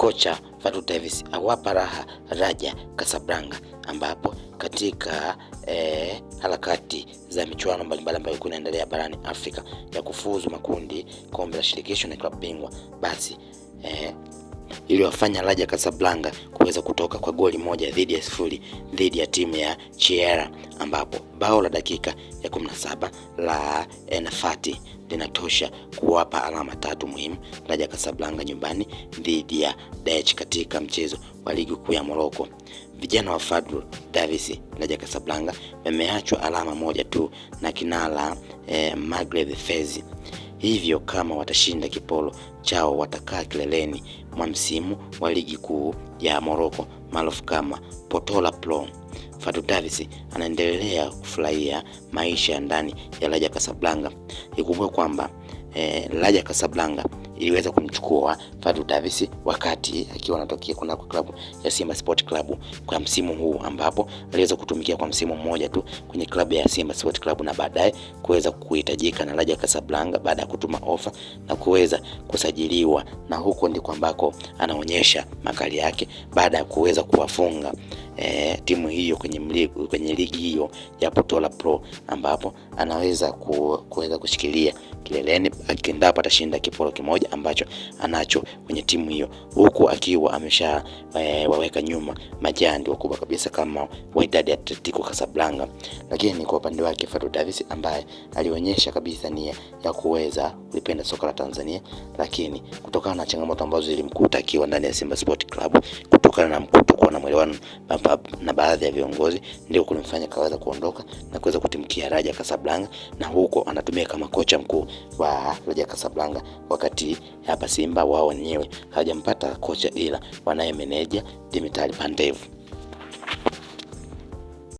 kocha Fatu Davis awapa raha Raja Casablanca, ambapo katika eh, harakati za michuano mbalimbali ambayo ilikuwa inaendelea barani Afrika ya kufuzu makundi kombe la shirikisho na klabu bingwa basi eh, iliyowafanya Raja Casablanca kuweza kutoka kwa goli moja dhidi ya sifuri dhidi ya timu ya Chiera, ambapo bao la dakika ya 17 la Enfati linatosha kuwapa alama tatu muhimu Raja Casablanca nyumbani dhidi ya Dech katika mchezo wa ligi kuu ya Morocco. Vijana wa Fadlu Davis Raja Casablanca wameachwa alama moja tu na kinara eh, Magreb Fez. Hivyo kama watashinda kipolo chao watakaa kileleni mwa msimu wa ligi kuu ya Morocco maarufu kama potola Pro. Fatu Davis anaendelea kufurahia maisha ya ndani ya Raja Casablanca. Ikumbuke kwamba eh, Raja Casablanca iliweza kumchukua Fadlu Davis wakati akiwa anatokea kunako klabu ya Simba Sport Club kwa msimu huu, ambapo aliweza kutumikia kwa msimu mmoja tu kwenye klabu ya Simba Sport Club na baadaye kuweza kuhitajika na Raja Casablanca baada ya kutuma ofa na kuweza kusajiliwa, na huko ndiko ambako anaonyesha makali yake baada ya kuweza kuwafunga eh, timu hiyo kwenye mligu, kwenye ligi hiyo ya Potola Pro ambapo anaweza ku, kuweza kushikilia kileleni akiendapo atashinda kiporo kimoja ambacho anacho kwenye timu hiyo, huku akiwa amesha e, waweka nyuma majandi wakubwa kabisa kama Wydad Atletico Casablanca. Lakini kwa upande wake Fadlu Davis ambaye alionyesha kabisa nia ya kuweza kulipenda soka la Tanzania, lakini kutokana na changamoto ambazo zilimkuta akiwa ndani ya Simba Sport Club kutokana na mkutu kuwa na mwelewano na baadhi ya viongozi, ndio kulimfanya kaweza kuondoka na kuweza kutimkia Raja Casablanca, na huko anatumia kama kocha mkuu wa Raja Casablanca, wakati hapa Simba wao wenyewe hawajampata kocha, ila wanaye meneja Dimitri Pandev.